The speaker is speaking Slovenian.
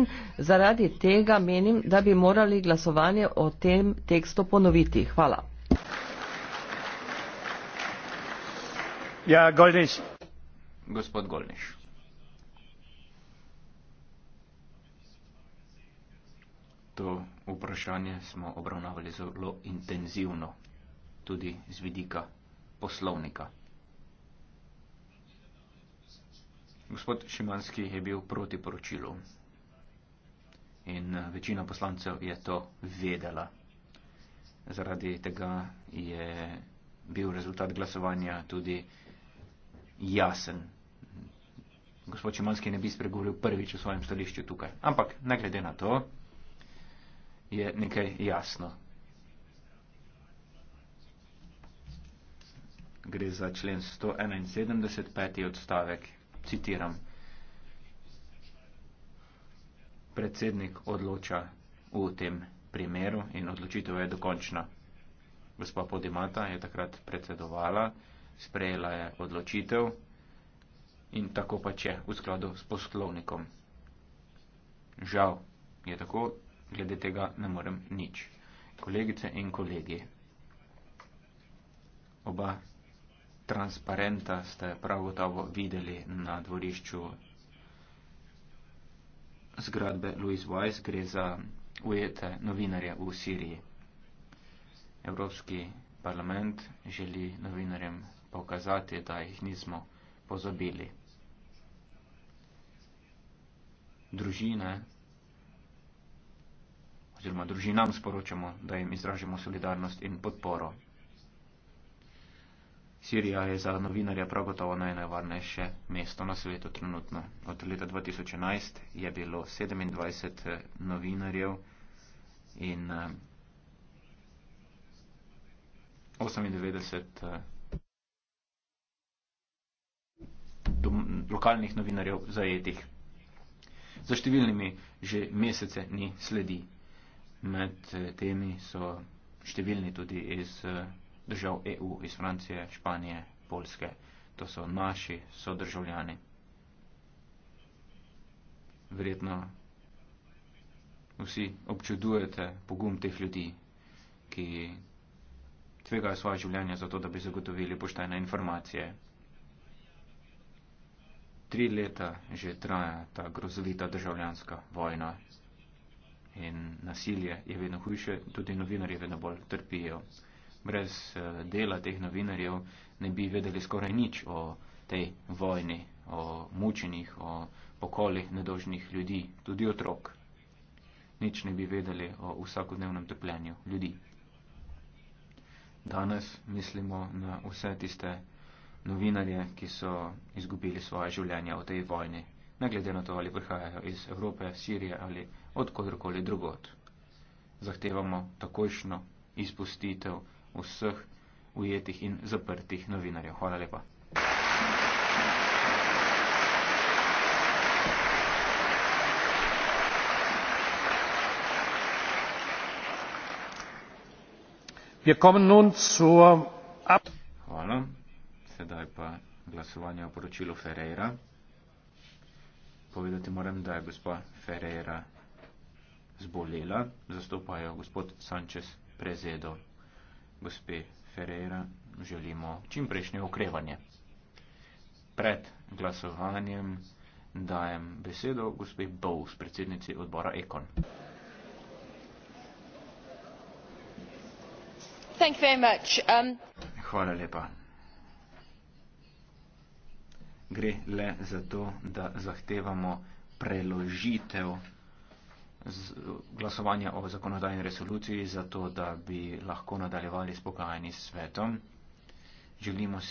nestrpen, zaradi tega menim, da bi morali glasovanje o tem tekstu ponoviti. Hvala. Ja, Goldniš. Gospod Goldniš. To vprašanje smo obravnavali zelo intenzivno, tudi z vidika poslovnika. Gospod Šimanski je bil proti poročilu. In eh, večina poslancev je to vedela. Zaradi tega je bil rezultat glasovanja tudi jasen. Gospod Čemalski ne bi spregovoril prvič o svojem stališču tukaj. Ampak, ne glede na to, je nekaj jasno. Gre za člen 171. odstavek. Citiram. predsednik odloča v tem primeru in odločitev je dokončna. Gospa Podimata je takrat predsedovala, sprejela je odločitev in tako pa če v skladu s poslovnikom. Žal je tako, glede tega ne morem nič. Kolegice in kolegi, oba transparenta ste prav gotovo videli na dvorišču zgradbe Louis Weiss gre za ujete novinarje v Siriji. Evropski parlament želi novinarjem pokazati, da jih nismo pozabili. Družine oziroma družinam sporočamo, da jim izražamo solidarnost in podporo. Sirija je za novinarja prav gotovo najnevarnejše mesto na svetu trenutno. Od leta 2011 je bilo 27 eh, novinarjev in 98 eh, eh, dom, lokalnih novinarjev zajetih. Za številnimi že mesece ni sledi. Med temi so številni tudi iz držav EU, iz Francije, Španije, Polske. To so naši sodržavljani. Verjetno vsi občudujete pogum teh ljudi, ki tvegajo svoje življenje za to, da bi zagotovili poštene informacije. Tri leta že traja ta grozovita državljanska vojna in nasilje je vedno hujše, tudi novinarji vedno bolj trpijo brez eh, dela teh novinarjev ne bi vedeli skoraj nič o tej vojni, o mučenih, o pokoli nedožnih ljudi, tudi otrok. Nič ne bi vedeli o vsakodnevnem trpljenju ljudi. Danes mislimo na vse tiste novinarje, ki so izgubili svoje življenje v tej vojni, ne glede na to, ali prihajajo iz Evrope, Sirije ali odkudkoli drugot. Zahtevamo takošno izpustitev vseh ujetih in zaprtih novinarjev. Hvala lepa. Hvala. Sedaj pa glasovanje o poročilu Ferreira. Povedati moram, da je gospa Ferreira zbolela, zastopajo gospod Sanchez Prezedo gospe Ferreira želimo čimprejšnje okrevanje. Pred glasovanjem dajem besedo gospe Bowes, predsednici odbora Ekon. Thank you very much. Um... Hvala lepa. Gre le za to, da zahtevamo preložitev glasovanja o zakonodajni resoluciji, zato da bi lahko nadaljevali s pogajanji s svetom. Želimo si